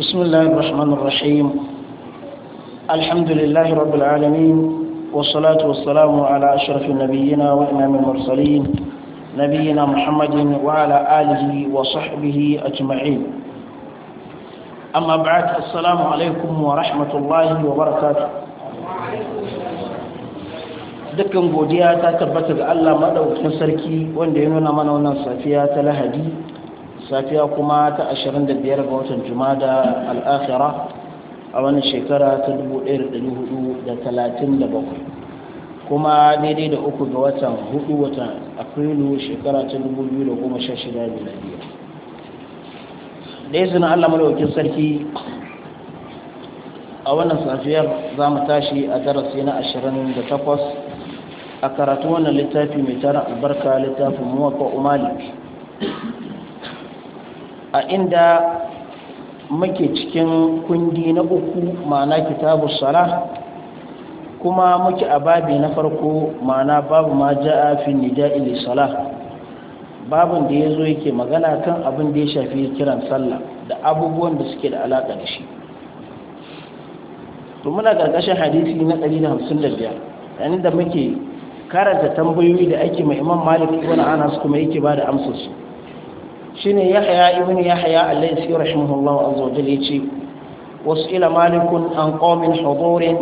بسم الله الرحمن الرحيم الحمد لله رب العالمين والصلاة والسلام على أشرف النبيين وإمام المرسلين نبينا محمد وعلى آله وصحبه أجمعين أما بعد السلام عليكم ورحمة الله وبركاته dukkan godiya ta tabbata ga Allah madaukakin sarki wanda ya nuna mana wannan safiya ta Lahadi safiya kuma ta 25 ga watan jumada al'akhira a wani shekara ta 1437 kuma daidai da uku ga watan hudu watan afrilu shekara ta 2016 miladiya da izinin allah malawakin sarki a wannan safiyar za mu tashi a darasi na 28 a karatu wannan littafi mai tara albarka littafin muwaka umali a inda muke cikin kundi na uku ma'ana kitabu sala kuma muke a babi na farko ma'ana babu ma ja'a fi nida'i li sala babin da yazo yake magana kan abin da ya shafi kiran sallah da abubuwan da suke da alaka da shi to muna gargashin hadisi na 155 yayin da muke karanta tambayoyi da ake mai Imam Malik ibn Anas kuma yake ba da amsar shine yahya ibn yahya allahi sai rahimahullah wa azza wa ce wasu ila malikun an qawmin hudurin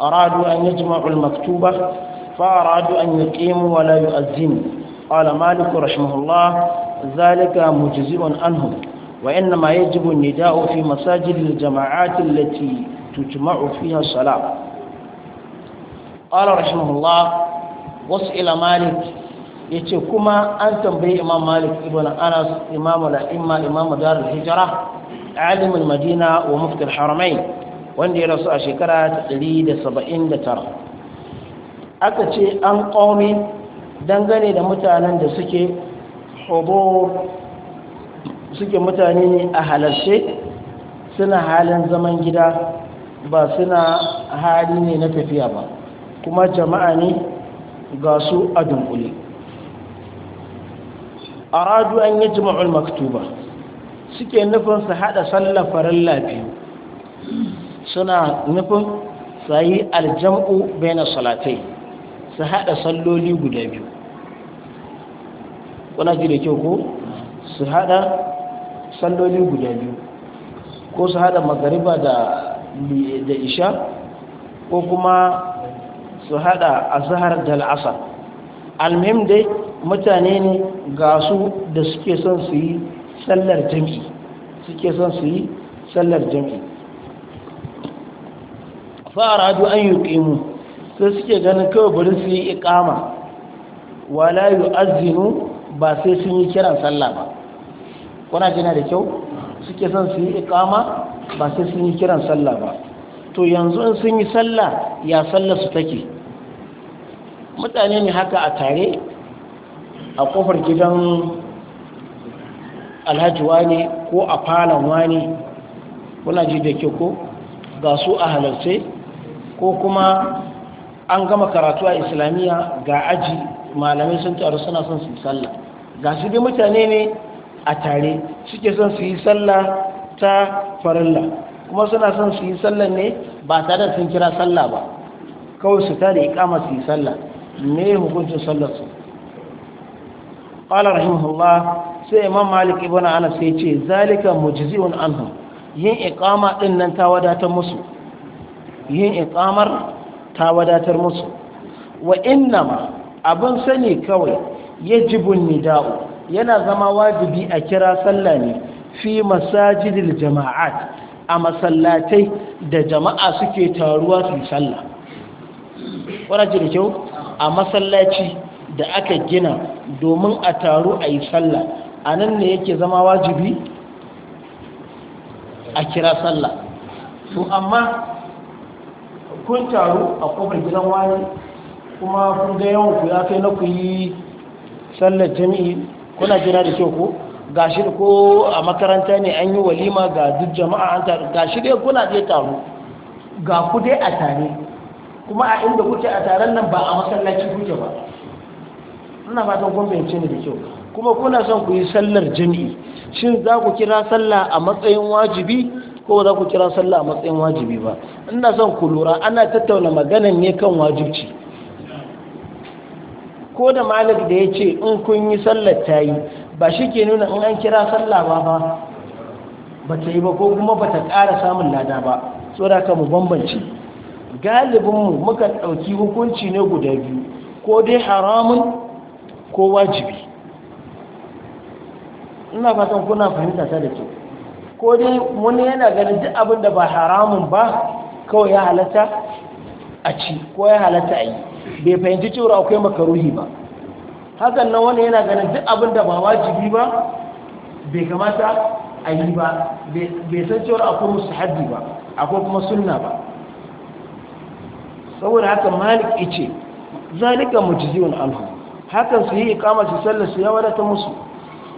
aradu an yajma'u al-maktuba fa aradu an yuqimu wa la yu'azzin qala malik rahimahullah zalika mujzi'un anhum wa inma yajibu nida'u fi masajid al-jama'at allati tujma'u fiha salat qala rahimahullah wasu ila malik ya ce kuma an tambayi imam malik ibn anas imam la'imma imamu darul hijira alimin madina wa muftar haramai wanda ya rasu a shekara ta 179 aka ce an ƙomi dangane da mutanen da suke hobo suke mutane ne a halarce suna halin zaman gida ba suna hali ne na tafiya ba kuma jama'a ne ga su a dunkule aradu an yajma'u al-maktuba suke nufin su hada sallar farin biyu suna nufin sai aljam'u na salatai su hada salloli guda biyu kuna ji da kyau ko su hada salloli guda biyu ko su hada magariba da isha ko kuma su hada azhar da al'asar almim dai mutane ne ga su da suke son su yi sallar jami'i suke son su yi sallar jami'i fa'aradu an yi ƙimu sai suke ganin kawai bari su yi ikama wala yi azinu ba sai sun yi kiran sallah ba kuna jina da kyau suke son su yi ikama ba sai sun yi kiran sallah ba to yanzu in sun yi sallah ya sallah su take mutane ne haka a tare a kofar gidan alhaji wani ko a falon wani kuna ji da ke ko ga su a halarce ko kuma an gama karatu a islamiyya ga aji malamai sun taru suna son su yi sallah ga su dai mutane ne a tare suke son su yi sallah ta farilla kuma suna son su yi sallah ne ba tare da sun kira sallah ba kawai su tare ikama su yi sallah me hukuncin sallar su qala rahimahullah sai imam malik ibn anas sai ce zalika mujzi'un anhu yin iqama din nan ta wadatar musu yin iqamar ta wadatar musu wa innama abin sani kawai yajibun nida'u yana zama wajibi a kira sallah ne fi masajidil jama'at a masallatai da jama'a suke taruwa su sallah wadace da kyau a masallaci da aka gina domin a taru a yi sallah a nan ne yake zama wajibi a kira sallah su amma kun taru a kofar gidan wani kuma kun ga yawon ku ya kai na ku yi sallar jami'i kuna gina da kyau ko shi ko a makaranta ne an yi walima ga duk jama'a an taru Ga shi dai kuna je taru? ga ku dai a tare kuma a inda kuke a taron nan ba a masallaci kuke ba ina fatan kun bayyance ne da kyau kuma kuna son ku yi sallar jami'i shin za ku kira sallah a matsayin wajibi ko za ku kira sallah a matsayin wajibi ba ina son ku lura ana tattauna maganan ne kan wajibci ko da malik da ya ce in kun yi sallar ta yi ba shi ke nuna in an kira sallah ba ba ba ta yi ba ko kuma ba ta ƙara samun lada ba so da ka mu bambance galibinmu muka ɗauki hukunci ne guda biyu ko dai haramun ko wajibi ina fatan kuna fahimta ta da ke ko dai wani yana ganin duk abin da ba haramun ba kawai ya halatta a ci ko ya halatta a yi bai fahimci cewa akwai makaruhi ba hakan nan wani yana ganin duk abin da ba wajibi ba bai kamata a yi ba bai san cewa akwai musu haddi ba akwai kuma sunna ba saboda haka malik ice zalika mujziyun anhu hakan su yi ikama su sallar su ya ta musu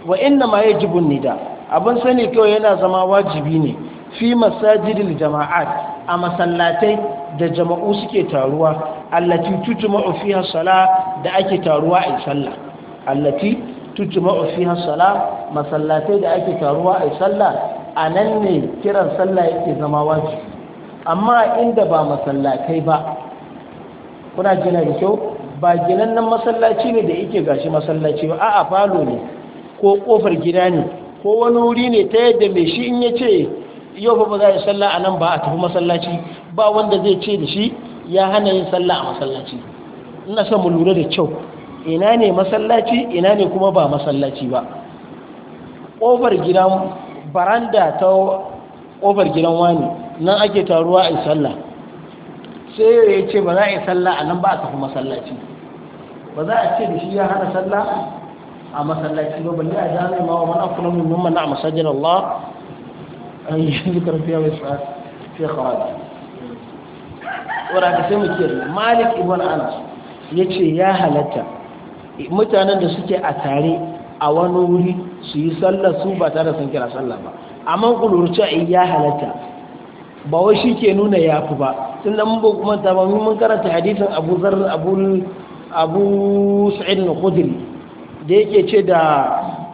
wa inna ma yajibun nida abin sani kawai yana zama wajibi ne fi masajidil jama'at a masallatai da jama'u suke taruwa allati tutma'u fiha sala da ake taruwa a sallah allati tutma'u fiha sala masallatai da ake taruwa a sallah anan ne kiran sallah yake zama wajibi amma inda ba masallatai ba kuna jina da kyau ba nan masallaci ne da yake gashi masallaci ba a'a falo ne ko kofar gida ne ko wani wuri ne ta yadda mai shi in ya ce yau ba za a yi sallah a nan ba a tafi masallaci ba wanda zai ce da shi ya hana yin sallah a masallaci ina son mu lura da kyau ina ne masallaci ina ne kuma ba masallaci ba ƙofar gidan baranda ta ƙofar gidan wani nan ake taruwa a yi sallah sai ya ce ba za a yi sallah a nan ba a tafi masallaci ba za a ce da shi ya hana sallah a masallaci ba balle a jami'a ma wa mana kuma mun mana a masajin Allah an yi shi karfiya mai sa fi khawaji wara da sai muke Malik ibn Anas yace ya halatta mutanen da suke a tare a wani wuri su yi sallar su ba tare sun kira sallah ba amma kulurci ya halatta ba wai shi ke nuna yafi ba tun da mun ba kuma ta mun karanta hadisin Abu Zar Abu Abu Sa'id al-Khudri da yake ce da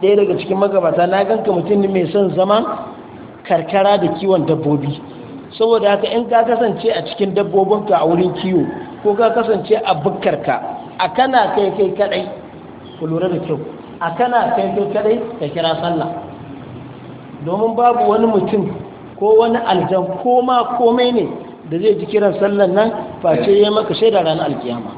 ɗaya daga cikin magabata na ganka mutum ne mai son zama karkara da kiwon dabbobi saboda haka in ka kasance a cikin dabbobinka a wurin kiwo ko ka kasance a bukkarka a kana kai kai kadai ku lura da kyau a kana kai kai kadai ka kira sallah domin babu wani mutum ko wani aljan ko ma komai ne da zai ji kiran sallan nan face ya maka da ranar alkiyama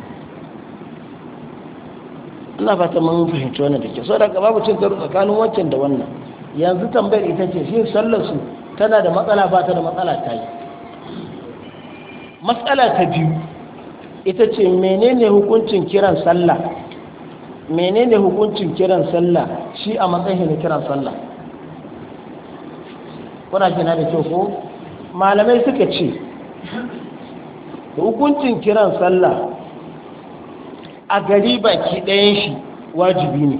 ina fata mun fahimci wannan da ke so daga babu cin karo tsakanin wancan da wannan yanzu tambayar ita ce shi sallar su tana da matsala ba ta da matsala ta yi matsala ta biyu ita ce menene hukuncin kiran sallah menene hukuncin kiran sallah shi a matsayin na kiran sallah kuna kina da kyau ko malamai suka ce hukuncin kiran sallah a gari baki ɗayan shi wajibi ne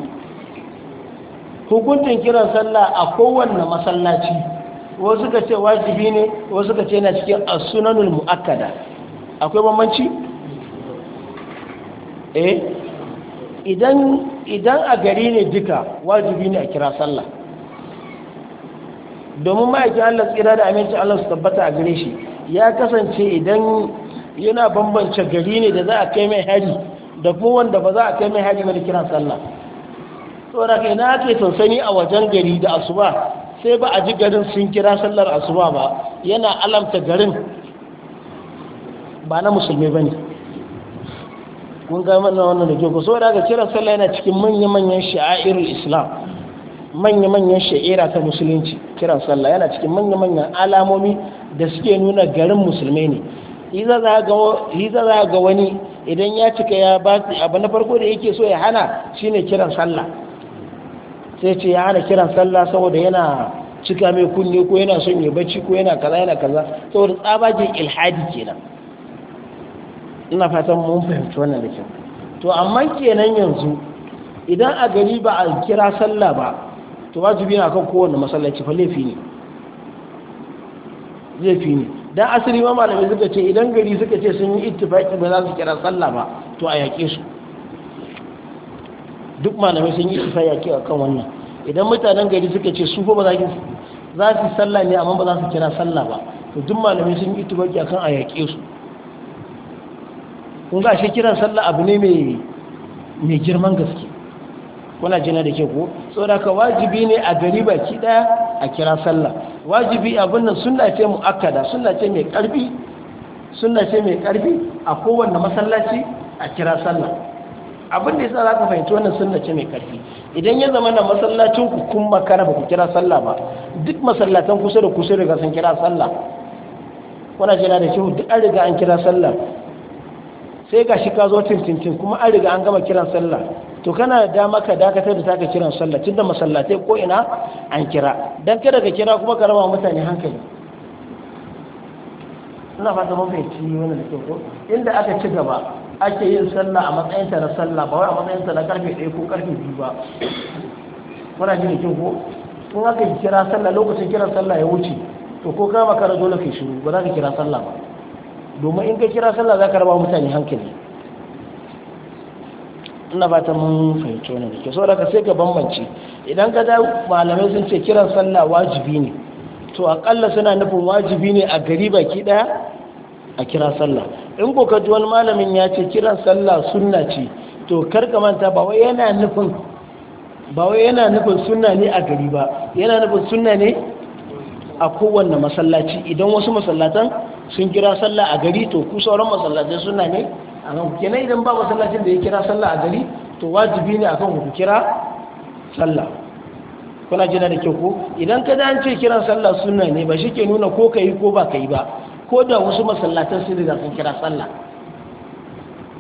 hukuncin kiran sallah a kowanne masallaci wasu ka ce wajibi ne wasu ka ce na cikin asunanul mu'akkada akwai bambanci? eh idan a gari ne duka wajibi ne a kira sallah domin ma'aikin allah tsira da aminci allah su tabbata a gare shi ya kasance idan yana bambance gari ne da za a kai mai hari da kuma wanda ba za a kai mai hari mai kiran sallah saboda kai na ake sansani a wajen gari da asuba sai ba a ji garin sun kira sallar asuba ba yana alamta garin ba na musulmi ba ne kun ga mana wannan da kyau saboda haka kiran sallah yana cikin manya-manyan sha'airul islam manya-manyan sha'ira ta musulunci kiran sallah yana cikin manya-manyan alamomi da suke nuna garin musulmai ne hiza za ga wani idan ya cika ya ba abu na farko da yake so ya hana shine kiran sallah sai ce ya hana kiran sallah saboda yana cika mai kunne ko yana son ya bacci ko yana kaza yana kaza saboda tsabagen ilhadi kenan ina fatan mun fahimci wannan da kyau to amma kenan yanzu idan a gari ba a kira sallah ba to wajibi na kan kowane masallaci fa laifi ne fi ne don asiri ma malamai suka ce idan gari suka ce sun yi itifaki ba za su kira sallah ba to a yaƙe su duk malamai sun yi itifaki yaƙe a kan wannan idan mutanen gari suka ce su ba za su za su sallah ne amma ba za su kira sallah ba to duk malamai sun yi a akan a yaƙe su kun ga shi kiran sallah abu ne mai mai girman gaske kuna jina da ke ko saboda ka wajibi ne a gari baki daya a kira sallah wajibi abin nan sunna ce akada sunna ce mai karfi sunna ce mai karfi a kowanne masallaci a kira sallah abin da yasa za ka fahimci wannan sunna ce mai karfi idan ya zama na masallacin ku kun makara ba ku kira sallah ba duk masallatan kusa da kusa riga sun kira sallah kuna jira da kyau duk an riga an kira sallah sai ga shi ka zo Tintin kuma an riga an gama kiran sallah to kana da dama ka dakatar da taka kiran sallah tun da masallatai ko ina an kira dan kada ka kira kuma ka raba mutane hankali ina fata mun ci wannan da ko inda aka ci gaba ake yin sallah a matsayin ta na sallah ba wai a matsayin ta na karfe 1 ko karfe 2 ba kuna ji kin ko ko aka kira sallah lokacin kiran sallah ya wuce to ko ka makara dole kai shiru ba za ka kira sallah ba domin in ka kira sallah za ka raba mutane hankali ina ba ta mun fahimci wani da ke saboda ka sai ka bambance idan ka da malamai sun ce kiran sallah wajibi ne to akalla suna nufin wajibi ne a gari baki daya a kira sallah in ko ka ji wani malamin ya ce kiran sallah sunna ce to kar ka manta ba wai yana nufin ba wai yana nufin sunna ne a gari ba yana nufin sunna ne a kowanne masallaci idan wasu masallatan sun kira sallah a gari to ku sauran masallatai sunna ne a ku kenan idan ba masallacin da ya kira sallah a gari to wajibi ne akan ku kira sallah kuna jina da kyau ko idan ka da an ce kiran sallah sunna ne ba shi ke nuna ko ka yi ko ba ka yi ba ko da wasu masallatan sun riga sun kira sallah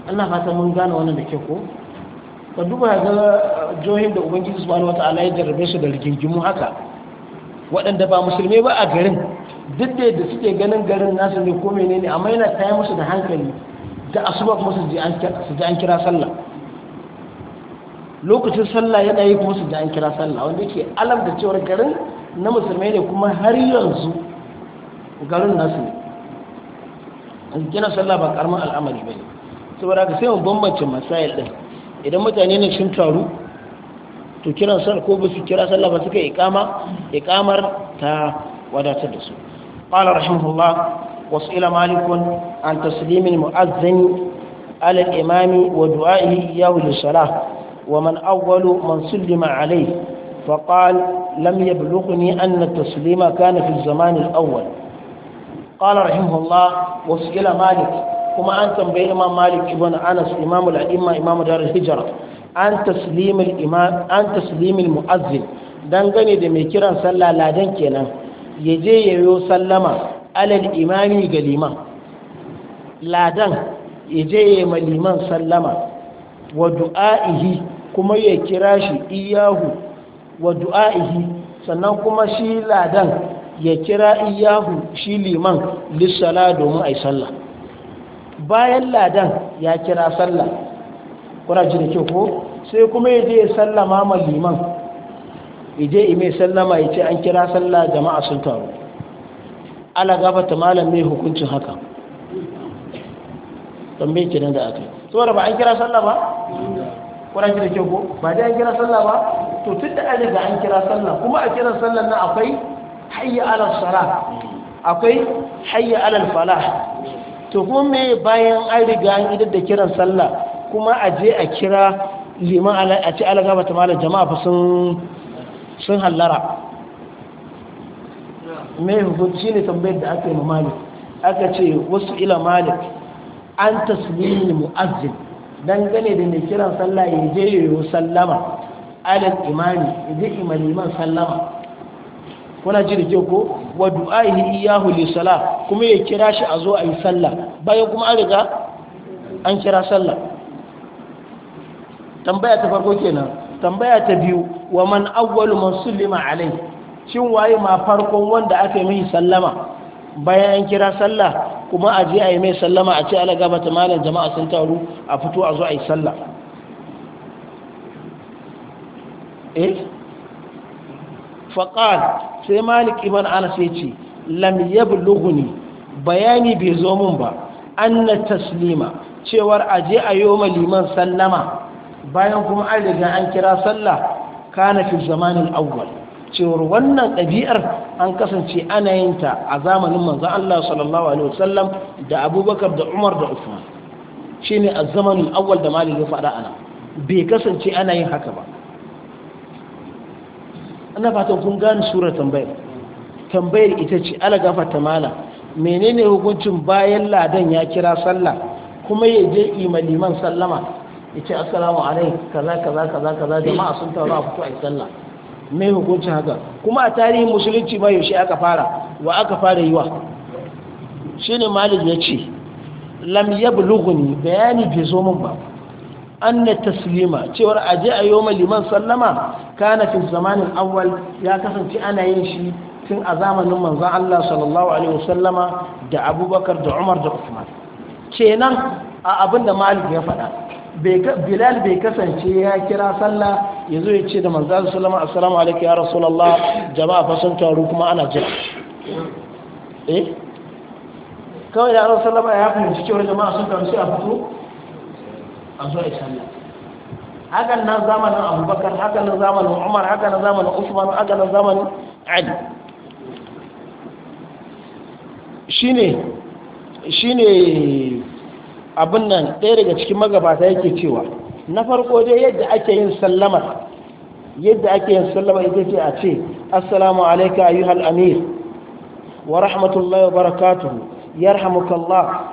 Allah fata mun gane wannan da kyau ko ka duba ga uh, johin da ubangiji subhanahu wataala ya jarrabe su da rigingimu haka waɗanda ba musulmai ba a garin duk da yadda suke ganin garin nasu ne ko menene amma yana taya musu da hankali da asuba kuma su ji an kira sallah lokacin sallah yana yi kuma su ji an kira sallah wanda ke alam da cewar garin na musulmai ne kuma har yanzu garin nasu ne gina sallah ba karamin al'amari ba ne saboda ka sai mu bambancin masayar ɗin idan mutane ne sun taru to kiran ko ba su kira sallah ba suka ikama ikamar ta wadatar da su qala rahimahullah wasu ila malikun عن تسليم المؤذن على الإمام ودعائه إياه للصلاة ومن أول من سلم عليه فقال لم يبلغني أن التسليم كان في الزمان الأول قال رحمه الله وسئل مالك كما أنتم بإمام مالك ابن أنس إمام الأئمة إمام دار الهجرة an taslimil imam an taslimil muazzin dangane da mai kiran sallah ladan kenan ya je yayo sallama alal imami ga liman ladan ya je ya ma liman sallama wa du'a'ihi kuma ya kira shi iyahu wa du'a'ihi sannan kuma shi ladan ya kira iyahu shi liman lissala domin a yi sallah bayan ladan ya kira sallah ji da kyau ko sai kuma ya je ya sallama ma liman ya je ime sallama ya ce an kira sallah jama'a sun taru ala gafata malam mai hukuncin haka tambaye kenan da aka yi saboda ba an kira sallah ba kuna kira kyau ko ba dai an kira sallah ba to tun da an an kira sallah kuma a kiran sallah na akwai hayya ala sala akwai hayya ala falah to kuma me bayan an riga an idar da kiran sallah kuma a je a kira liman a ci alaga ba ta malar jama'a fa sun sun hallara me hukunci ne tambayar da aka yi ma malik aka ce wasu ila malik an tasmimin mu'azzin dangane da mai kiran sallah ya je yayo sallama alal imani ya je imaliman sallama kuna ji da kyau ko wa du'ahi iyahu li sala, kuma ya kira shi a zo a yi sallah bayan kuma an riga an kira sallah tambaya ta farko kenan tambaya ta biyu wa man awwalu man sallima alai shin waye ma farkon wanda aka yi mai sallama bayan an kira sallah kuma a je a yi mai sallama a ce ala ta malam jama'a sun taru a fito a zo a yi sallah eh sai malik ibn anas ya ce lam ne, bayani bai zo mun ba anna taslima cewar a je a yoma liman sallama bayan kuma an riga an kira sallah kana fi zamanin auwal. cewar wannan ɗabi'ar an kasance ana yin ta a zamanin manzan Allah sallallahu alaihi wasallam da abubakar da umar da usman shi ne a zamanin awal da malin ya faɗa ana bai kasance ana yin haka ba ana fatan kun gane sura tambayar tambayar ita ce ala ta mala menene hukuncin bayan ladan ya kira sallah kuma ya je imaliman sallama ya ce assalamu alaikum kaza kaza kaza kaza jama'a sun taru a fito a sallah mai hukuncin haka kuma a tarihin musulunci ma yaushe aka fara wa aka fara yi wa shi ne malik ya ce lam ya bulughuni bayani bai zo ba anna taslima cewar aje a yau liman sallama kana fi zamanin awwal ya kasance ana yin shi tun a zamanin manzon Allah sallallahu alaihi wasallama da Abubakar da Umar da usman kenan a abin da Malik ya faɗa bilal bai kasance ya kira sallah ya zo ya ce da manzan salama assalamu alaikum ya rasulallah jama'a fasan taru kuma ana jira eh kawai da rasu ya fahimci cewar jama'a sun taru sai a fito a zo a sallah hakan na zamanin abubakar hakan na zamanin umar hakan na zamanin usman hakan na zamanin ali shine shine abin nan ɗaya daga cikin magabata yake cewa na farko dai yadda ake yin sallama yadda ake yin sallama ita ce a ce assalamu alaika ayyuhal amir wa rahmatullahi wa barakatuhu yarhamukallah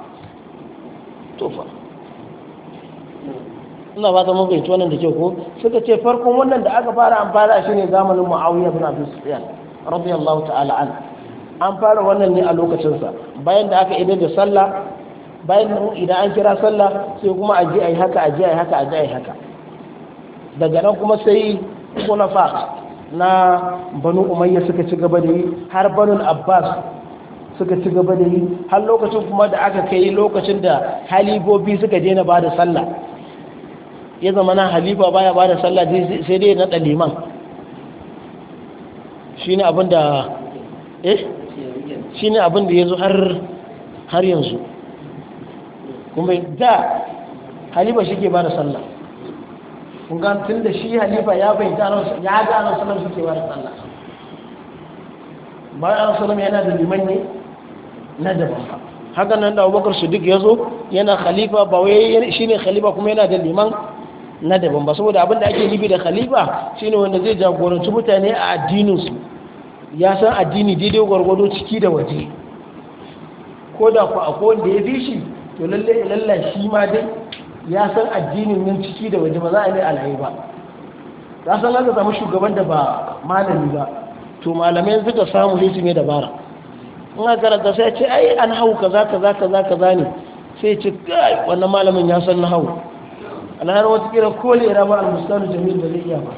tufa. ina ba ta mun fahimci wannan da ke ko suka ce farkon wannan da aka fara amfara shi ne zamanin muawiya bin abi sufyan radiyallahu ta'ala an an fara wannan ne a lokacinsa bayan da aka idar da sallah bayan nan idan an kira sallah sai kuma a je a yi haka a je a yi haka a je a yi haka daga nan kuma sai kunafa na banu umayya suka ci gaba da yi har banu abbas suka ci gaba da yi har lokacin kuma da aka kai lokacin da halibobi suka daina ba da sallah ya zama na halifa baya ba da sallah sai dai na daliman shi ne abin da eh shi ne abin da ya zo har yanzu kuma da halifa shi ke ba da sallah kun tun da shi halifa ya bai ta ya ga ran sallah shi ke ba da sallah ba ran sallah yana da liman ne na daban ba haka nan da Abubakar duk ya zo yana khalifa ba wai shi ne khalifa kuma yana da liman na daban ba saboda abinda ake nufi da khalifa shine wanda zai jagoranci mutane a addininsu ya san addini daidai gwargwado ciki da waje ko da ku akwai wanda ya fi shi to lalle lalle shi ma dai ya san addinin nan ciki da waje ba za a yi alhaye ba ya san ka samu shugaban da ba malami ba to malamai suka samu sai su mai dabara in ka karanta sai ce ai an hau kaza kaza kaza kaza ne sai ce kai wannan malamin ya san na hau alhar wata kira kole ya raba al-mustanu jamil da zai iya ba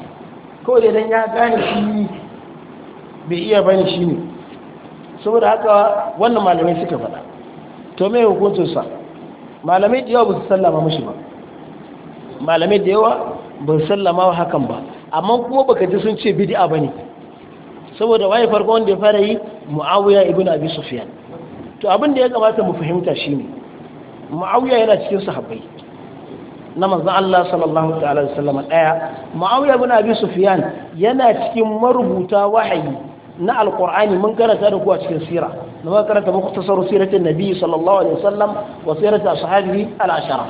kole dan ya gane shi bai iya ne shi ne saboda haka wannan malamai suka faɗa to me hukuncinsa malamai da yawa ba su sallama mashi ba malamai da yawa ba su sallama wa hakan ba amma kuma baka ji sun ce bid'a bane saboda waye farko wanda ya fara yi muawiya ibn abi sufyan to abin da ya kamata mu fahimta shine muawiya yana cikin sahabbai na manzo Allah sallallahu alaihi wasallam daya muawiya ibn abi sufyan yana cikin marubuta wahayi na alkur'ani mun karanta da ku a cikin sira da muka karanta muku tasarru siratin nabi sallallahu alaihi wasallam wa sirati ashabihi al-ashara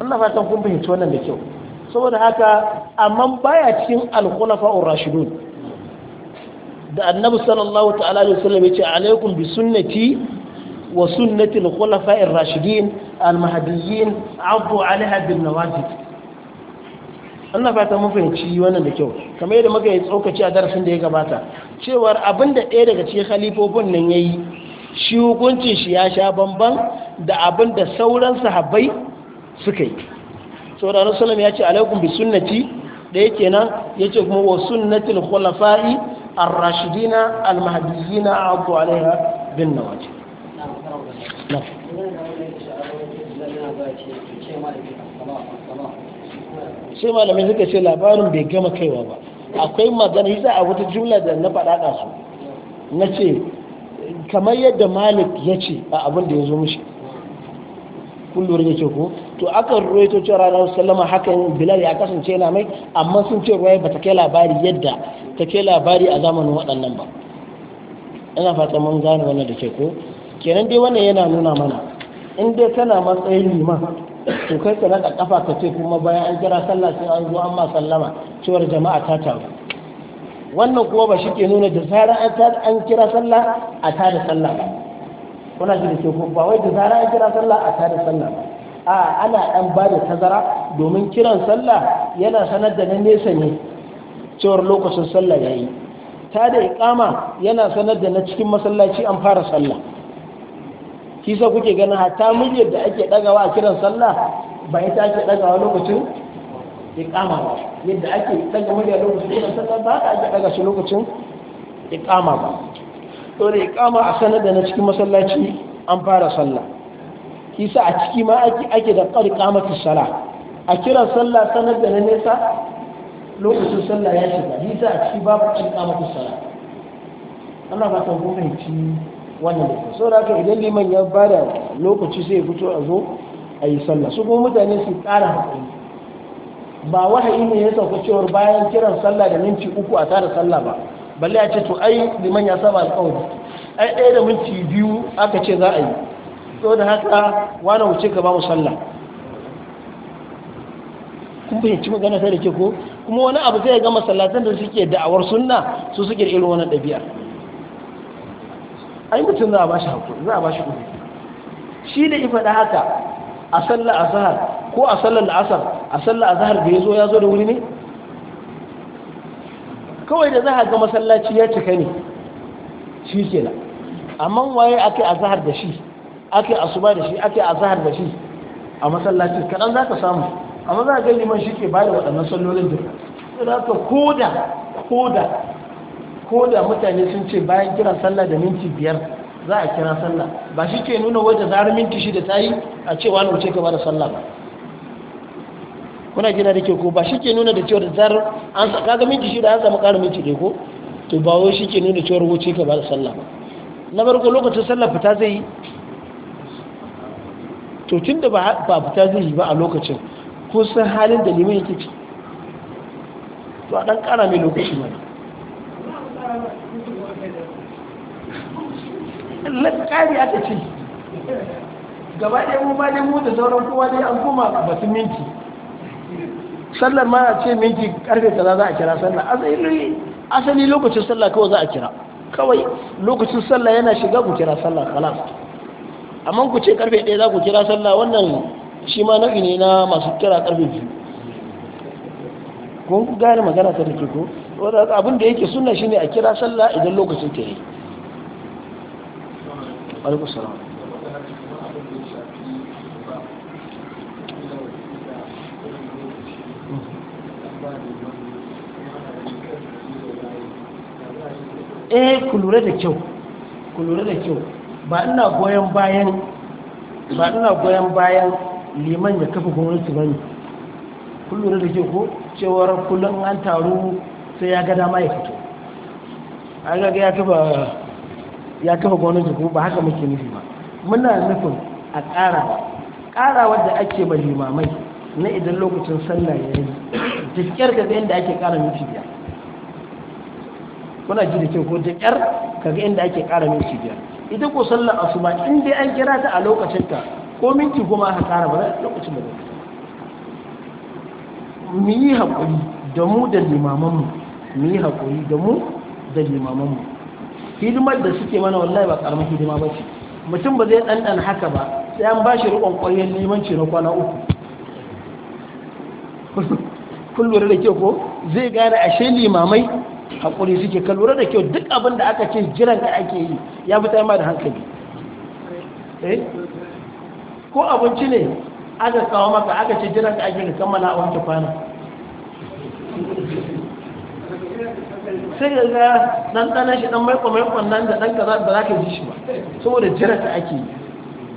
Allah fatan kun fahimci wannan da kyau saboda haka amma baya cikin al-khulafa'ur rashidun da annabi sallallahu ta'ala alaihi wasallam yace alaikum bi sunnati wa sunnati al-khulafa'ir rashidin al-mahdiyyin 'addu 'alaiha bin nawajid Allah fata mun fahimci wannan da kyau kamar yadda muka yi tsokaci a darasin da ya gabata cewar abin da ɗaya daga cikin khalifofin nan yayi shi hukuncin shi ya sha bamban da abin da sauran sahabbai suka yi saboda rasulullah ya ce alaikum bi sunnati da yake nan ya ce kuma wa sunnatul khulafa'i ar-rashidina al-mahdiyina a'udhu alaiha bin nawajib sai malamai suka ce labarin bai gama kaiwa ba akwai magana yasa a wata jumla da na faɗa da su na ce kamar yadda malik ya ce a abin da ya zo mushi kullum ya ce to aka roito cewa ranar sallama hakan bilal ya kasance yana mai amma sun ce ruwaya ba ta kai labari yadda ta kai labari a zamanin waɗannan ba ina fata mun gane wannan da ke ko kenan dai wannan yana nuna mana in dai tana matsayin liman to kai ka kafa ka ce kuma bayan an kira sallah sai an zo an ma sallama cewar jama'a ta taru wannan kuwa ba shi ke nuna da zara an kira sallah a tada sallah ba kuna ji da ke ko ba wai da zara an kira sallah a tada sallah ba a ana dan ba da tazara domin kiran sallah yana sanar da na nesa ne cewar lokacin sallah yayi ta da iqama yana sanar da na cikin masallaci an fara sallah Kisa kuke ganin hatta muryar da ake ɗagawa a kiran sallah ba ita ake ɗagawa lokacin iqama ba yadda ake ɗaga murya lokacin kiran sallah ba ta ake daga shi lokacin iqama ba to ne iqama a sanar da na cikin masallaci an fara sallah kisa a ciki ma ake da qad iqamati salah a kiran sallah sanar da na nesa lokacin sallah ya shiga kisa a ciki babu qad iqamati salah Allah ba ta gumbaci wannan da so da haka idan liman ya ba da lokaci sai fito a zo a yi sallah su kuma mutane su ƙara haƙuri ba wahayi ne ya sauka cewar bayan kiran sallah da minti uku a tara sallah ba balle a ce to ai liman ya saba alƙawari ai ɗaya da minti biyu aka ce za a yi to da haka wani wuce ba mu sallah kun fahimci magana ta da ke ko kuma wani abu sai ya gama masallatan da suke da'awar sunna su suke irin wannan ɗabi'a. ai mutum za a bashi hakuri za a bashi kudi shi da ifa da haka a sallar azhar ko a sallar la'asar a sallar azhar da ya zo ya zo da wuri ne kawai da za a ga masallaci ya cika ne shi kenan amma waye ake azhar da shi ake asuba da shi ake azhar da shi a masallaci kadan za ka samu amma za a ga liman shi ke bayar waɗannan sallolin duka za ka koda koda ko da mutane sun ce bayan kira sallah da minti biyar za a kira sallah ba shi ke nuna wadda zarar minti shida ta yi a ce wani wuce gaba da sallah ba kuna gina da ke ko ba shi ke nuna da cewar zarar an saka ga minti shida an samu karin minti ɗaya ko to ba wai shi ke nuna cewar wuce gaba da sallah ba na farko lokacin sallah fita zai yi to tun da ba fita zai yi ba a lokacin ko san halin da liman yake ci to a ɗan ƙara mai lokaci mana ƙari aka ce gaba ɗaya mu ba ne mu da sauran kowa ne an koma ba su minti sallar ma a ce minti karfe ta za a kira sallar asali lokacin sallar kawai za a kira kawai lokacin sallar yana shiga ku kira sallar kalas amma ku ce karfe ɗaya za ku kira sallar wannan shi ma nau'i ne na masu kira karfe biyu kun gane magana ta ke ko abin da yake shi ne a kira sallah idan lokacin ta yi alaikum salam eh ku lura da kyau ku lura da kyau ba ina goyon bayan ba ina goyon bayan liman da kafa gwamnati bane ku lura da kyau ko cewar kullum an taru sai ya ga dama ya fito an ga ya kafa ya kafa gwamnati kuma ba haka muke nufi ba muna nufin a ƙara ƙara wadda ake ba limamai na idan lokacin sallah ya yi Jikiyar ga yadda ake ƙara minti biyar kuna ji da kyau ko jikiyar ka ga yadda ake ƙara minti biyar ita ko sallar asuba in dai an kira ta a lokacin ta ko minti kuma aka ƙara ba lokacin da zai mu yi haƙuri da mu da limamanmu mu yi haƙuri da mu da limamanmu hidimar da suke mana wallahi ba karamin hidima ba ce mutum ba zai ɗanɗan haka ba sai an ba shi riƙon neman limanci na kwana uku lura da kyau ko zai gane ashe limamai haƙuri suke ka lura da kyau duk abin da aka ce jiran da ake yi ya fi taima da hankali eh? ko abinci ne aka kawo maka aka ce jiran da ake kammala a wanke kwana sai ga ga dan dana shi dan maiko maiko nan da dan kaza ba za ka ji shi ba saboda jirata ake yi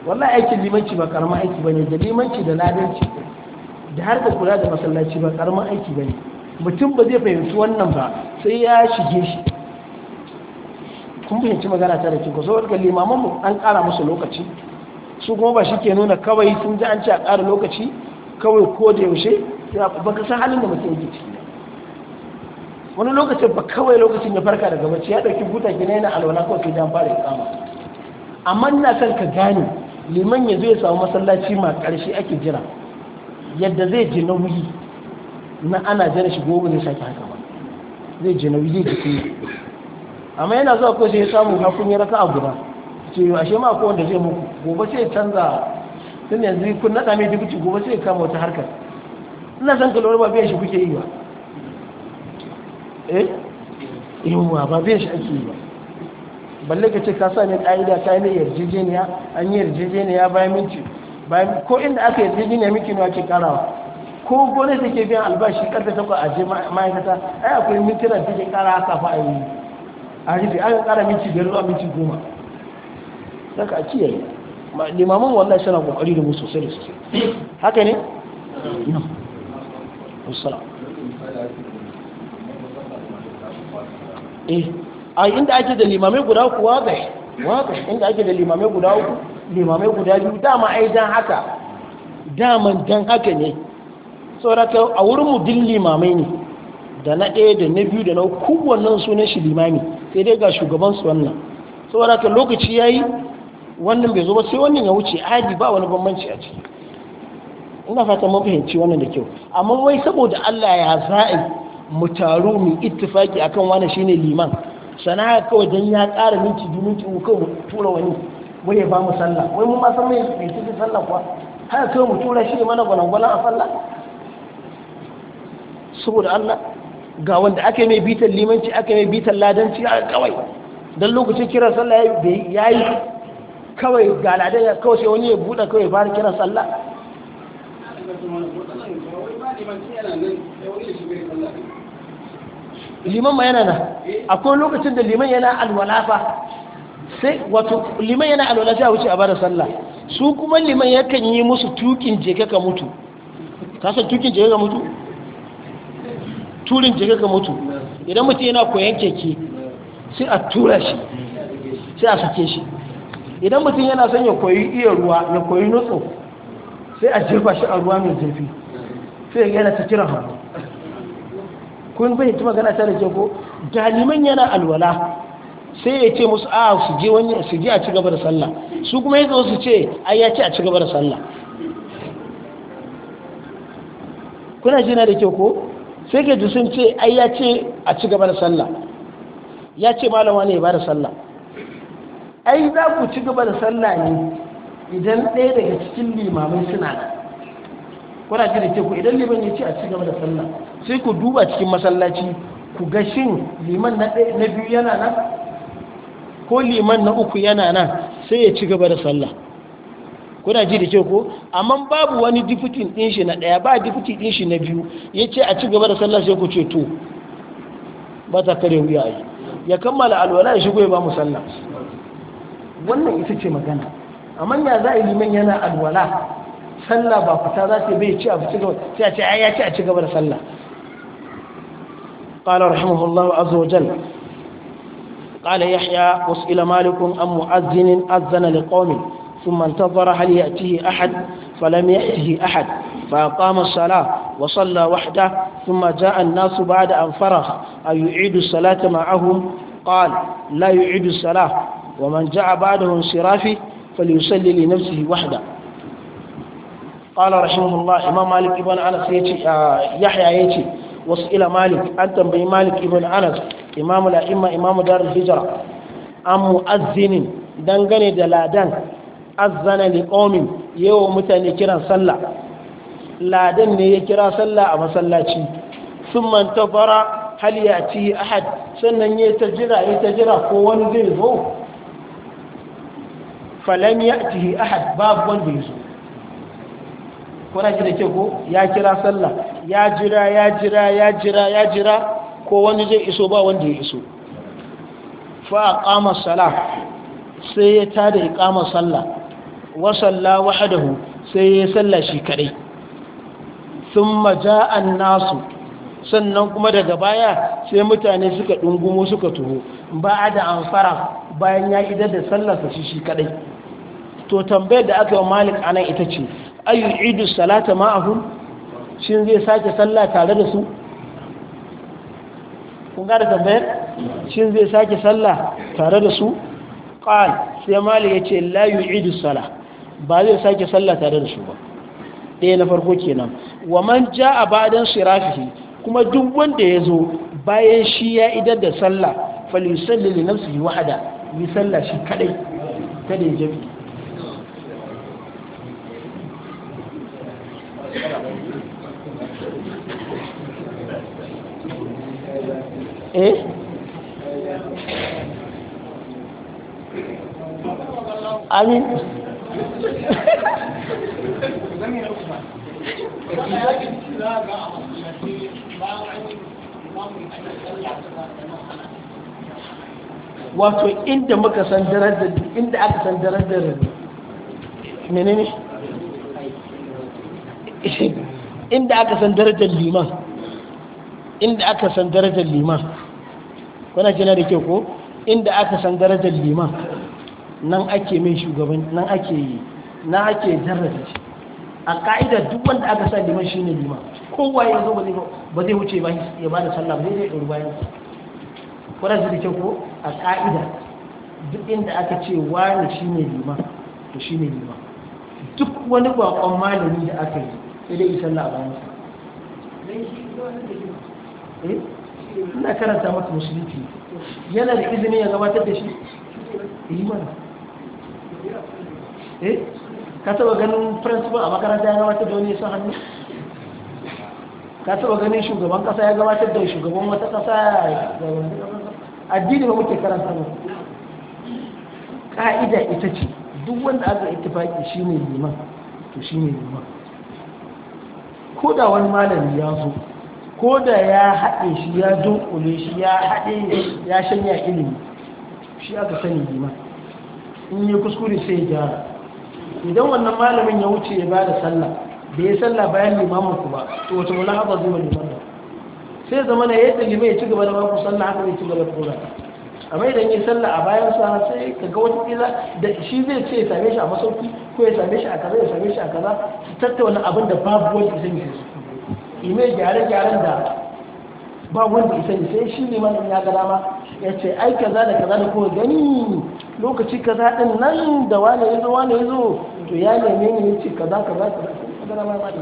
wallahi aikin limanci ba karamin aiki bane da limanci da ladanci da har ka kula da masallaci ba karamin aiki bane mutum ba zai fahimci wannan ba sai ya shige shi kun fahimci magana ta da kin ko saboda limaman mu an kara musu lokaci su kuma ba shi ke nuna kawai sun ji an ci a ƙara lokaci kawai ko da yaushe sai ba ka san halin da mutum yake ciki wani lokacin ba kawai lokacin ya farka daga bacci ya ɗauki buta gina yana alwala kawai sai dan fara kama amma ina son ka gane liman ya ya samu masallaci ma ƙarshe ake jira yadda zai ji nauyi na ana jira shi gobe ne shaki haka ba zai ji nauyi da ke amma yana zuwa ko sai ya samu hakun ya raka a guda ce yau ashe ma ko wanda zai muku gobe sai ya canza tun yanzu kun nada mai dubuci gobe sai ya kama wata harkar ina son ka lura ba biyan shi kuke yi ba eh yawwa ba biyan shi ake yi ba balle ka ce kasa sa ne ƙa'ida ta yi yarjejeniya an yi yarjejeniya bayan minti ko inda aka yarjejeniya minti ne ake karawa ko da ke biyan albashi karfe takwa a je ma'aikata ai akwai mintuna da ke kara haka fa a yi a rufe an kara minti biyar zuwa minti goma saka a kiyaye limamin shi na kokari da mu sosai da sosai haka ne? wasu Eh, a inda ake da limamai guda uku waga inda ake da limamai guda uku limamai guda biyu dama ai dan haka daman dan haka ne sauraka a wurin mu din limamai ne da na ɗaya da na biyu da na wannan sunan shi limami sai dai ga shugaban su wannan sauraka lokaci yayi wannan bai zo ba sai wannan ya wuce adi ba wani bambanci a ciki ina fata mun fahimci wannan da kyau amma wai saboda Allah ya za'i mu taru mu ittifaki akan wani shine liman sana'a kawai dan ya ƙara minti biyu minti uku tura wani wai ya ba mu sallah wai mun ma san mai mai cikin sallah kuwa haka kawai mu tura shi mana gwanangwalan a sallah saboda Allah ga wanda aka yi mai bitan limanci aka yi mai bitan ladanci a kawai don lokacin kiran sallah ya yi kawai ga ladan ya kawai wani ya buɗe kawai ba kiran sallah liman ma yana na akwai lokacin da liman yana alwala fa sai wato liman yana alwala sai a wuce a bada sallah su kuma liman yakan yi musu tukin jeka ka mutu ka san tukin jeka ka mutu turin jeka ka mutu idan mutum yana koyan keke sai a tura shi sai a sake shi idan mutum yana son ya koyi iya ruwa ya koyi nutso sai a jirba shi a ruwa mai zafi, sai ya yana ta kiran hannu kun fahimci magana ta da ke ko daliman yana alwala sai ya ce musu a ah, su je wani su je a ci gaba da sallah su kuma ya zo su ce ai ya ce a ci gaba da sallah kuna ji na da ke ko sai ke sun ce ai ya ce a ci gaba da sallah ya ce malama ne ba da sallah ai za ku ci gaba da sallah ne idan ɗaya daga cikin limamai suna kuna ji da ke ko idan limamai ya ce a ci gaba da sallah sai ku duba cikin masallaci ku ga shin liman na biyu yana nan ko liman na uku yana nan sai ya ci gaba da sallah kuna ji da ke ko amma babu wani difitin din shi na daya ba difitin din shi na biyu ya ce a ci gaba da sallah sai ku ce to ba ta kare wuya yi ya kammala alwala ya shigo ya ba mu sallah wannan ita ce magana amma ya za a liman yana alwala sallah ba fita za ta bai ci a fita sai a ce ya ci a ci gaba da sallah قال رحمه الله عز وجل قال يحيى وسئل مالك عن مؤذن أذن لقوم ثم انتظر هل يأتيه أحد فلم يأته أحد فأقام الصلاة وصلى وحده ثم جاء الناس بعد أن فرغ أن يعيد الصلاة معهم قال لا يعيد الصلاة ومن جاء بعده انصرافي فليصلي لنفسه وحده قال رحمه الله إمام مالك بن أنس آه، يحيى يتي wasu ila malik an tambayi malik ibn anas imamu la'imma imamu dar hijira an mu'azzinin dangane da ladan azzana liqomin yawa mutane kiran sallah ladan ne ya kira sallah a masallaci sun manta fara hal ya ci ahad sannan ya ta jira ya ta jira ko wani zai zo falam ya ci ahad babu wanda ya zo kuna ji da ke ko ya kira sallah ya jira ya jira ya jira ya jira ko wani zai iso ba wanda ya iso fa aqama salah sai ya tada iqama sallah wa salla wahdahu sai ya salla shi kadai thumma jaa an-nasu sannan kuma daga baya sai mutane suka dungumo suka tuho ba da amfara bayan ya idar da sallarsa shi shi kadai to tambayar da aka yi malik anan ita ce ayu idu salata ma'ahum shin zai sake sallah tare da su kun gada tambayar shin zai sake sallah tare da su qal sai mali yace la yu'idu salah ba zai sake sallah tare da su ba dai na farko kenan wa man jaa ba'dan sirafihi kuma duk wanda ya zo bayan shi ya idar da sallah fa li nafsihi wahda yi sallah shi kadai kada ya jami'i eh amin wato inda muka san darajar inda aka san da darajar ne inda aka san darajar liman inda aka san darajar liman kuna jina da ke ko inda aka san darajar liman nan ake mai shugaban nan ake yi na ake jarrata shi a ka'ida duk wanda aka sa liman shi ne liman kowa ya zo ba zai wuce ya ba da sallah ba zai zai ɗauri bayan kuna jina da ke ko a ka'ida duk inda aka ce wani shi ne liman to shi ne liman duk wani bakon malami da aka yi sai dai yi sallah a bayan sa eh? ina karanta masa musulunci yana da izini ya gabatar da shi yi eh, eh ka taba ganin principal a makaranta ya gabatar da wani ya san hannu ka taba ganin shugaban kasa ya gabatar da shugaban wata kasa ya addini ba muke karanta ba. ka'ida ita ce duk wanda aka ittifaki shine liman to shine liman ko da wani malami ya zo ko da ya haɗe shi ya dunkule shi ya haɗe ya shanya ilimi shi aka sani jima in yi kuskure sai ya gyara idan wannan malamin ya wuce ya bada sallah da ya sallah bayan limamin ku ba to wata mulan haka zuwa liman da sai zama na yadda liman ya ci gaba da baku sallah haka zai ci gaba da kora amma idan ya sallah a bayan sa sai ka ga wata kila da shi zai ce ya same shi a masauki ko ya same shi a kaza ya same shi a kaza su tattauna abin da babu wani isa yi su imai gyare-gyaren da ba wanda isa ne sai shi limanin ya ga dama ya ce ai ka za da ka za da kuma gani lokaci kaza din nan da wane ya zo wane ya zo to ya neme ne ya ce kaza kaza kaza kaza da ma ba da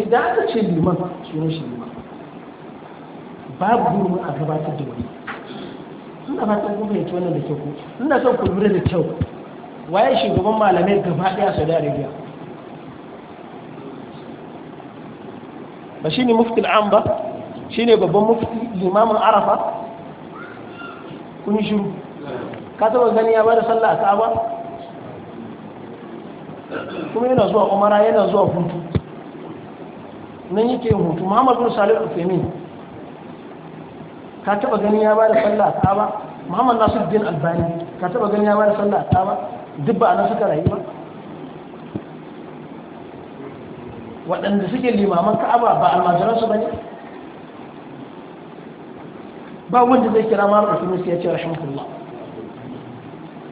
idan aka ce liman sunan shi liman babu gurbin a gabatar da wani ina fatan kuma fahimci wannan da kyau ko ina son ku lura da kyau waye shugaban malamai gaba daya Saudi Arabia ba shi ne mufti al'am ba shi ne babban mufti limamin arafa kun shiru ka taba gani ya bada sallah a ka'aba kuma yana zuwa umara yana zuwa hutu nan yake yin hutu muhammadu bin salih al-fahmin ka taba gani ya bada sallah a ka'aba muhammad din albani ka taba gani ya bada sallah a ka'aba duk ba a nan suka rayu ba waɗanda suke limaman ka'aba ba almajiransu su ne ba wanda zai kira ma rufin sunan ya ce rahimahullah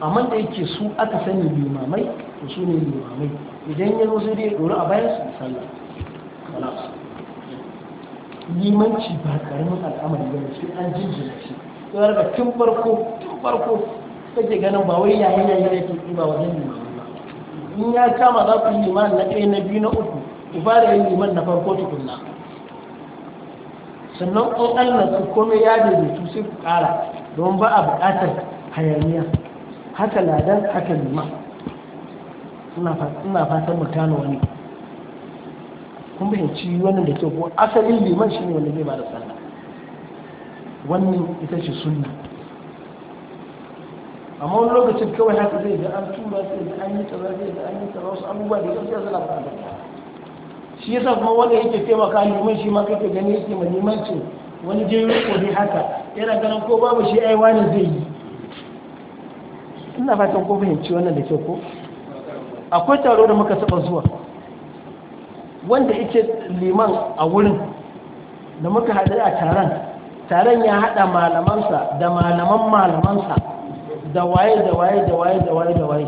amma da yake su aka sani limamai da su ne limamai idan ya zo sai dai dora a bayan su sallah limanci ba karamin al'amari ba sai an jinjina shi ya daga tun farko tun farko kake ganin ba wai yayin yayin yake ba wajen limamai ba in ya kama za ku yi liman na ɗaya na biyu na uku Ku fara yin liman na farko tukunna sannan in allah su komai ya daidaitu sai ku kara don ba a buƙatar hayaniya haka ladan haka liman ina fatan mu tano wani kun fahimci wannan da ke ko asalin liman shi ne wanda zai ba da sallah wannan ita ce sunna amma wani lokacin kawai haka zai da an tura sai da an yi tsara sai da an yi tsara wasu abubuwa da ya zai zala da a shi yasa kuma wanda yake taimaka liman shi ma kake gani yake ma ce, wani je ko dai haka yana ganin ko babu shi ai wani zai yi ina fatan ko fahimci wannan da ke ko akwai taro da muka saba zuwa wanda yake liman a wurin da muka haɗu a taron taron ya haɗa malamansa da malaman malamansa da waye da waye da waye da waye da waye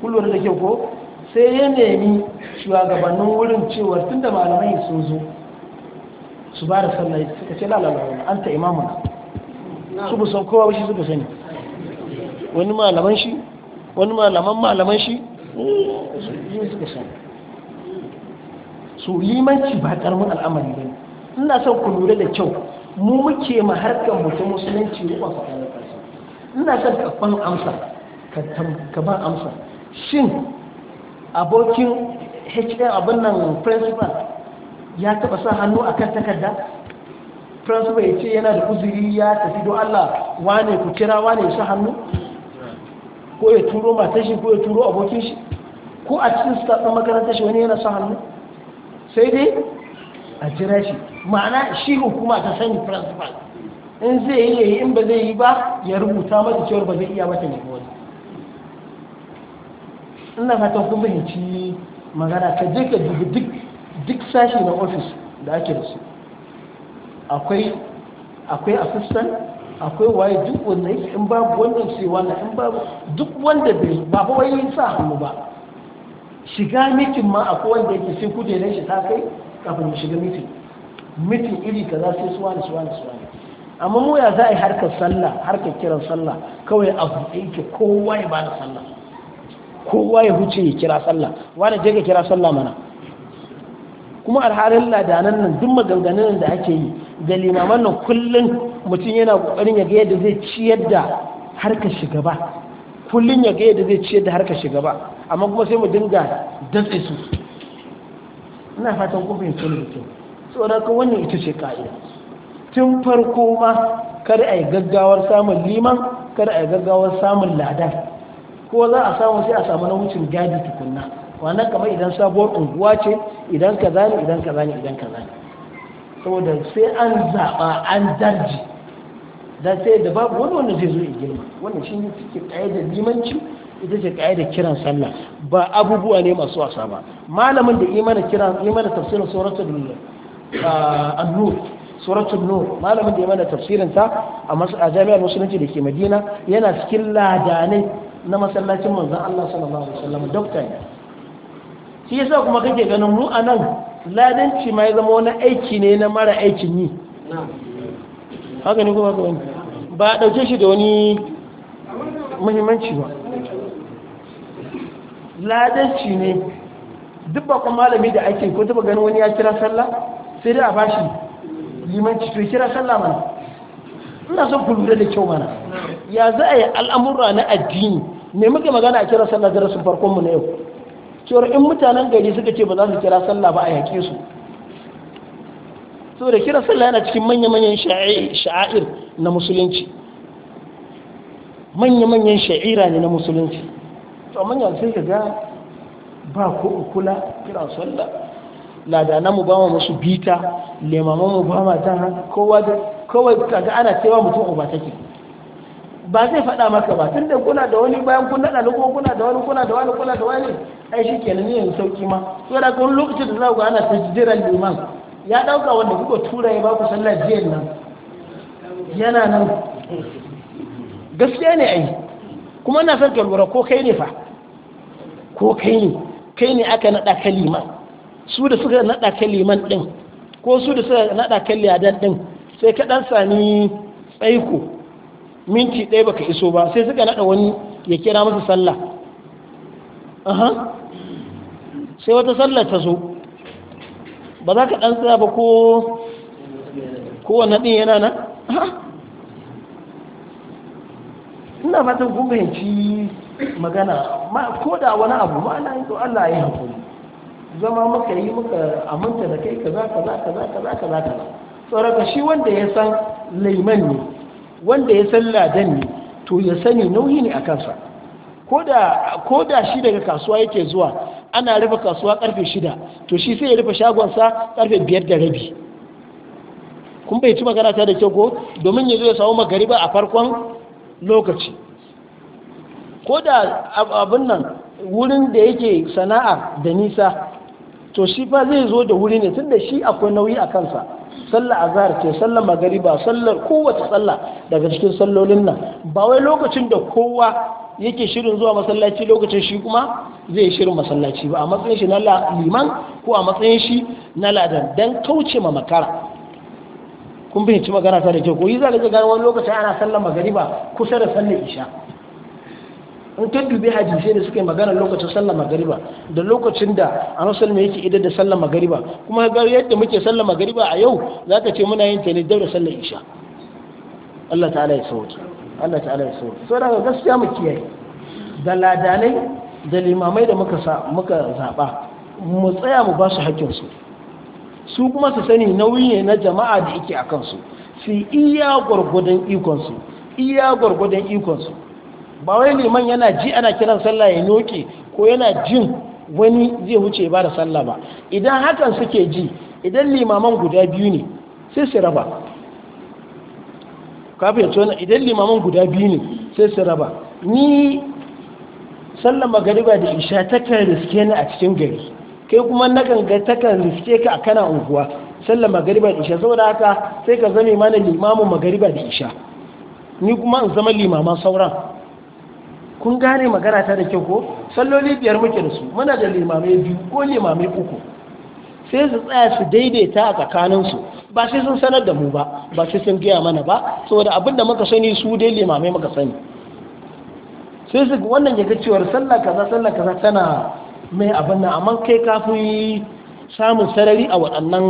kullum da ke ko sai ya nemi shugabannin wurin cewa tun da malamai sun zo su ba da sallai suka ce lalalawa an ta imamuna su bu san kowa shi suka sani wani malaman shi wani malaman malaman shi su suka sani su limanci ba karmin al'amari ne ina son ku lura da kyau mu muke ma harkar mutum musulunci rukun sa ina son ka ban amsa ka ban amsa shin abokin hm abin nan principal ya taba sa hannu a kan takarda principal ya ce yana da uzuri ya tafi don allah wane ku kira wane ya sa hannu ko ya turo matashi ko ya turo abokin shi ko a cikin stafin makarantar shi wani yana sa hannu sai dai a jira shi ma'ana shi hukuma ta sani principal in zai yi yayi in ba zai yi ba ya rubuta mata cewar ba zai iya mata ne wani ina fatan kun fahimci magana ka je ka dubi duk duk sashi na ofis da ake da su akwai akwai assistant akwai waye duk wanda yake in babu wannan sai wannan in babu duk wanda bai ba ba wai sa hannu ba shiga mitin ma akwai wanda yake sai kujerar shi ta kai kafin mu shiga mitin mitin iri kaza sai wani su wani su wani amma mu ya za a yi harkar sallah harkar kiran sallah kawai abu ɗaya ke kowa ya ba da sallah kowa ya huce ya kira sallah wani je ka kira sallah mana kuma alhalin ladanan nan duk maganganun da ake yi da limaman nan kullum mutum yana kokarin ya ga yadda zai ciyar da harka shiga ba kullum ya ga yadda zai ciyar da harka shiga ba amma kuma sai mu dinga datse su ina fatan kuma yin tsoro da kyau saboda ka wannan ita ce ka'ida tun farko ma kada a yi gaggawar samun liman kada a yi gaggawar samun ladan ko za a samu sai a samu na wucin gadi tukunna wannan kamar idan sabuwar unguwa ce idan ka zane idan ka zane idan ka zane saboda sai an zaɓa an darji da sai da babu wani wanda zai zo in girma wannan shi ne take da limanci ita ce da kiran sallah ba abubuwa ne masu wasa ba malamin da imanin kiran imanin tafsirin suratul ah, an-nur suratul nur malamin da ya mana tafsirin ta a jami'ar musulunci da ke madina yana cikin ladanai na masallacin manzan Allah sallallahu alaihi wasallam dokta ne shi yasa kuma kake ganin mu anan ladanci ma ya zama wani aiki ne na mara aikin yi haka ne kuma ka wani ba a ɗauke shi da wani muhimmanci ba ladanci ne duk ba kuma malami da ake ko taba ganin wani ya kira sallah sai dai a bashi limanci to kira sallah mana ina son ku lura da kyau mana ya za a yi al'amurra na addini ne muke magana a kira sallah darasin farkonmu na yau cewar in mutanen gari suka ce ba za su kira sallah ba a yaƙe su saboda kira sallah yana cikin manya-manyan sha'air na musulunci manya-manyan sha'ira ne na musulunci to manya sai ka ga ba ko kula kira sallah ladana mu ba musu bita limaman mu ba ma ta kowa da kawai ga ana cewa mutum uba take ba zai faɗa maka ba tun da kuna da wani bayan kun naɗa ko kuna da wani kuna da wani kuna da wani ai shi kenan ne yanzu sauki ma to da kun lokacin da za ku ana tasjiran liman ya ɗauka wanda kuka tura ya ba ku sallar jiyan nan yana nan gaskiya ne ai kuma na son ka lura ko kai ne fa ko kai ne kai ne aka naɗa kalima su da suka naɗa kaliman liman ɗin ko su da suka naɗa ka liyadan ɗin sai ka ɗan sami tsaiko minti ɗaya baka iso ba sai suka naɗa wani ya kira masa sallah aha sai wata sallah ta zo ba za ka ɗan tsaya ba ko kowane ɗin yana nan ina fatan kun magana ko da wani abu ma na yi to Allah ya haƙuri zama muka yi muka aminta da kai kaza kaza kaza kaza kaza kaza sauraka shi wanda ya san laiman ne wanda ya san ladan ne to ya sani nauyi ne a kansa ko da shi daga kasuwa yake zuwa ana rufe kasuwa karfe shida to shi sai ya rufe shagonsa karfe biyar da rabi kun bai ci magana ta da kyau ko domin ya zo ya samu ba a farkon lokaci ko da abin nan wurin da yake sana'a da nisa to shi fa zai zo da wuri ne tun da shi akwai nauyi a kansa sallar azhar ce sallar magariba sallar kowace sallah daga cikin sallolin nan ba wai lokacin da kowa yake shirin zuwa masallaci lokacin shi kuma zai shirin masallaci ba a matsayin shi na liman ko a matsayin shi na ladan dan kauce ma makara kun fahimci magana ta da ke ko yi za ka ga wani lokacin ana sallar magariba kusa da sallar isha in ta dubi hadisai da suke magana lokacin sallah magariba da lokacin da a musulmi yake idar da sallah magariba kuma ga yadda muke sallah magariba a yau za ka ce muna yin ta ne daura sallar isha Allah ta'ala ya sauki Allah ta'ala ya sauki so daga gaskiya mu kiyaye da ladanai da limamai da muka sa muka zaba mu tsaya mu ba su hakkin su su kuma su sani nauyi ne na jama'a da yake akan su su iya gurgudan ikon su iya gurgudan ikon su ba wai liman yana ji ana kiran sallah ya noke ko yana jin wani zai wuce ba da sallah ba idan hakan suke ji idan limaman guda biyu ne sai su raba kafin tona idan limaman guda biyu ne sai su raba ni sallah magariba da isha takan riske ni a cikin gari kai kuma na ganga takan riske ka a kana unguwa sallah magariba da isha saboda haka sai ka zame mana limamin magariba da isha ni kuma in zama limaman sauran kun gane magana ta da kyau ko salloli biyar muke da su muna da limamai biyu ko limamai uku sai su tsaya su daidaita a tsakaninsu ba sai sun sanar da mu ba ba sai sun gaya mana ba saboda abin da muka sani su dai limamai muka sani sai su wannan ya ga cewar sallah kaza sallah kaza tana mai abin nan amma kai kafin samun sarari a waɗannan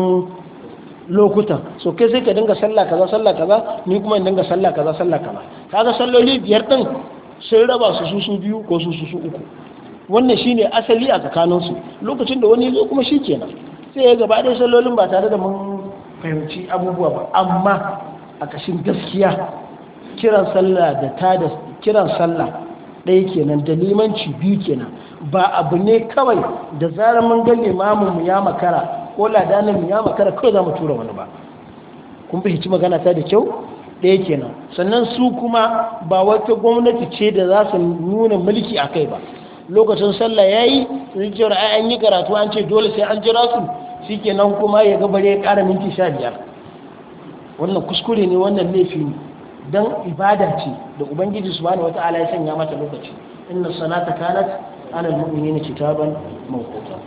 lokutan so kai sai ka dinga sallah kaza sallah kaza ni kuma in dinga sallah kaza sallah kaza kaga salloli biyar din sun raba su su su biyu ko su su su uku wannan shine asali a tsakaninsu lokacin da wani zo kuma shi kenan. sai ya gaba ɗaya sallolin ba tare da mun fahimci abubuwa ba amma a ƙashin gaskiya kiran sallah da ta da kiran sallah ɗaya kenan da limanci biyu kenan ba abu ne kawai da zarar mun ga limamin mu ya makara ko ladanin mu ya makara kawai za mu tura wani ba kun fahimci magana ta da kyau ɗaya kenan sannan su kuma ba wata gwamnati ce da za su nuna mulki a kai ba lokacin sallah ya yi rijiyar an yi karatu an ce dole sai an jira su shi kenan kuma ya gabar ya ƙara minti sha biyar wannan kuskure ne wannan laifi ne don ibada ce da ubangiji su bani wata ala ya sanya mata lokaci inna sanata kanat alal mu'minina kitaban mawquta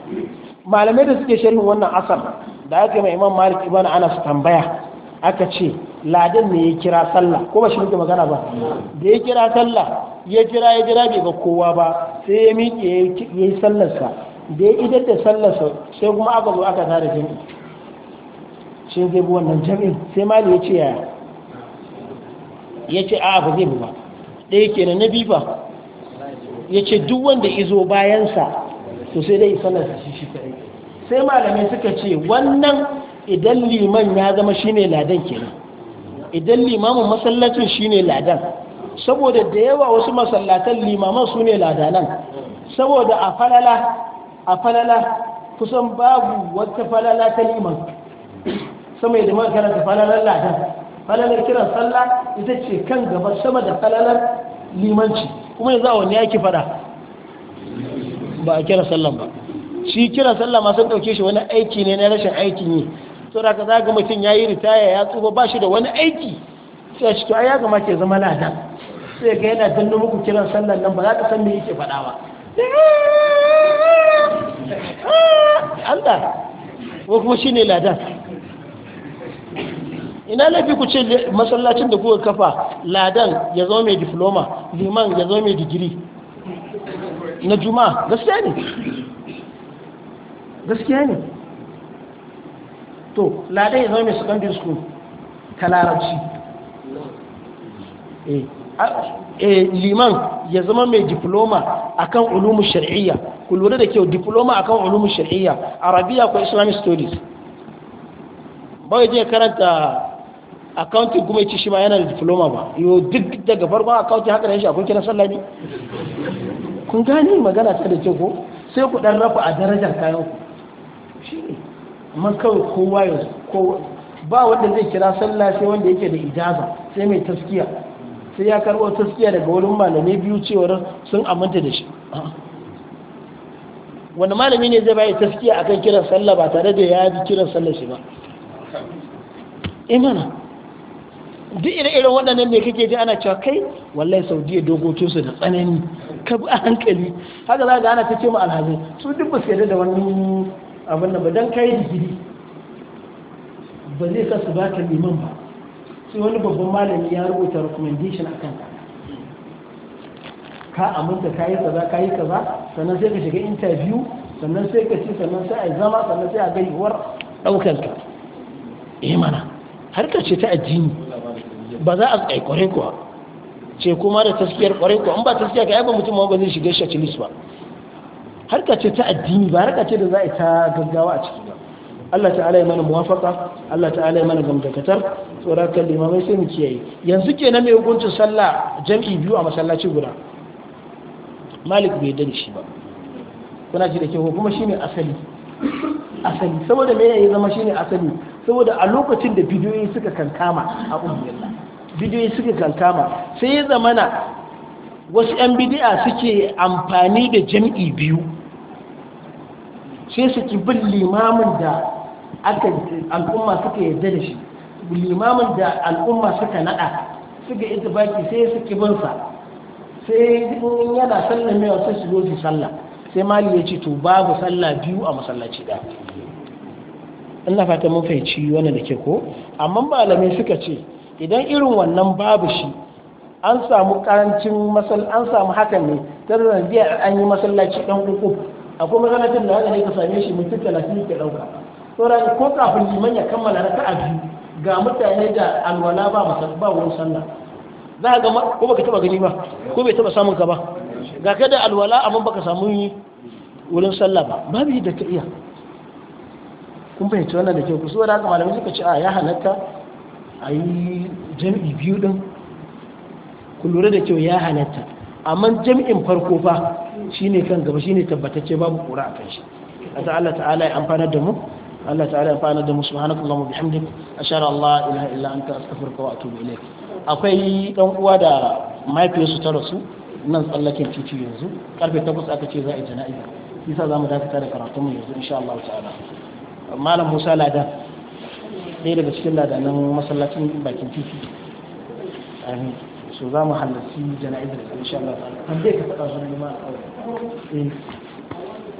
malamai da suke sharhin wannan asar da aka yi imam malik ibana ana su tambaya aka ce ladan ne ya kira sallah ko ba shi muke magana ba da ya kira sallah ya kira ya jira bai ga kowa ba sai ya miƙe ya yi sallarsa da ya idar da sallarsa sai kuma aka zo aka tare jami'i shi zai bi wannan jami'i sai mali ya ce yaya ya ce a ba zai bi ba ɗaya kenan na biyu ba ya ce duk wanda izo bayansa to sai dai sallarsa shi shi kaɗai sai malamai suka ce wannan idan liman ya zama shine ladan kenan idan limamin masallacin shine ladan saboda da yawa wasu masallatan limaman su ne ladanan saboda a falala a falala kusan babu wata falala ta liman sama da maka karanta falalar ladan falalar kiran sallah ita ce kan gaba sama da falalar limanci kuma yanzu a wani yaki fada ba a kira sallan ba shi kira sallah ma sun ɗauke shi wani aiki ne na rashin aikin yi saboda ka zaga mutum ya yi ritaya ya tsufa ba shi da wani aiki sai shi to ai ya gama ke zama ladan sai ga yana dandu muku kiran sallan nan ba za ka san me yake faɗa ba Allah ko kuma shine ladan ina laifi ku ce masallacin da kuka kafa ladan ya zama mai diploma liman ya zama mai digiri na juma'a gaskiya ne gaskiya ne to ladai ya zama mai secondary school ta larabci eh, eh liman ya zama mai diploma akan ulumu shar'iyya ku lura da kyau diploma akan ulumu shar'iyya arabiya ko islamic studies ba ya je karanta accounting kuma ya ci shi ma yana da diploma ba yau duk daga farko accounting haka da shi akwai kina sallah ne kun gani magana ta da ce ko sai ku dan rafa a darajar kayan ku shi ne amma kawai kowa ya ba wanda zai kira sallah sai wanda yake da ijaza sai mai taskiya sai ya karbo taskiya daga wurin malamai biyu cewar sun aminta da shi wanda malami ne zai bayi taskiya akan kiran sallah ba tare da ya yi kiran sallah shi ba imana eh duk ire-iren waɗannan ne kake ji ana cewa kai wallahi saudiya dokokinsu da tsanani ka bi a hankali haka za ga ana ta ce ma alhazai su duk ba su da wani abin da ba don kayi digiri ba zai sa su ba ta liman ba sai wani babban malami ya rubuta recommendation akan ka ka aminta ka yi kaza ka yi kaza sannan sai ka shiga interview sannan sai ka ci sannan sai a zama sannan sai a ga yiwuwar ɗaukar ka eh mana harkar ce ta addini ba za a kwarai kuwa ce kuma da taskiyar kwarai kuwa in ba taskiya ka yaba mutum ma ba zai shiga shi ba harka ce ta addini ba harka ce da za a ta gaggawa a ciki ba Allah ta'ala ya mana muwafaka Allah ta'ala ya mana gamdakatar tsoron kan limamai sai mu kiyaye yanzu ke na mai hukuncin sallah jam'i biyu a masallaci guda malik bai da shi ba kuna ji da kyau kuma shine asali asali saboda me yayi zama shine asali saboda a lokacin da bidiyoyi suka kankama a ummiyalla bidiyoyi suka kankama sai ya zamana wasu 'yan bidi'a suke amfani da jam'i biyu sai su ki bin limamin da al'umma suka yarda da shi limamin da al'umma suka nada suka ita baki sai su ki bin sa sai in yana sallar mai wasu su zo su sallah sai mali ya ce to babu sallah biyu a masallaci da ina fata mun fahimci wannan da ke ko amma malamai suka ce idan irin wannan babu shi an samu karancin masal an samu hakan ne tare da an yi masallaci dan kuku akwai masallacin da haka ne ka same shi mutum talatin ke ɗauka tsoron ko kafin liman ya kammala raka a biyu ga mutane da alwala ba masa ba wurin sallah za ka gama ko baka taba gani ba ko bai taba samun ka ba ga ka da alwala amma baka samu yi wurin sallah ba Ba bi da ta iya kun fahimci wannan da kyau ku saboda haka malamai suka ce a ya halatta a yi jam'i biyu din ku lura da kyau ya halatta amma jam'in farko fa shine kan gaba shine tabbatacce babu kura a kan shi ata Allah ta'ala ya da mu Allah ta'ala ya amfana da mu subhanakallahu wa ashara Allah ilaha illa anta astaghfiruka wa atubu ilaik akwai dan uwa da mahaifiyarsu ta rasu nan tsallaken titi yanzu karfe 8 aka ce za a yi jana'iza yasa zamu dakata da karatun mu yanzu insha Allah ta'ala malam Musa Ladan ɗaya daga cikin ladanan masallacin bakin titi amin so za mu halarci jana'izar insha Allah ta'ala kan dai ka faɗa ma a kawai 嗯。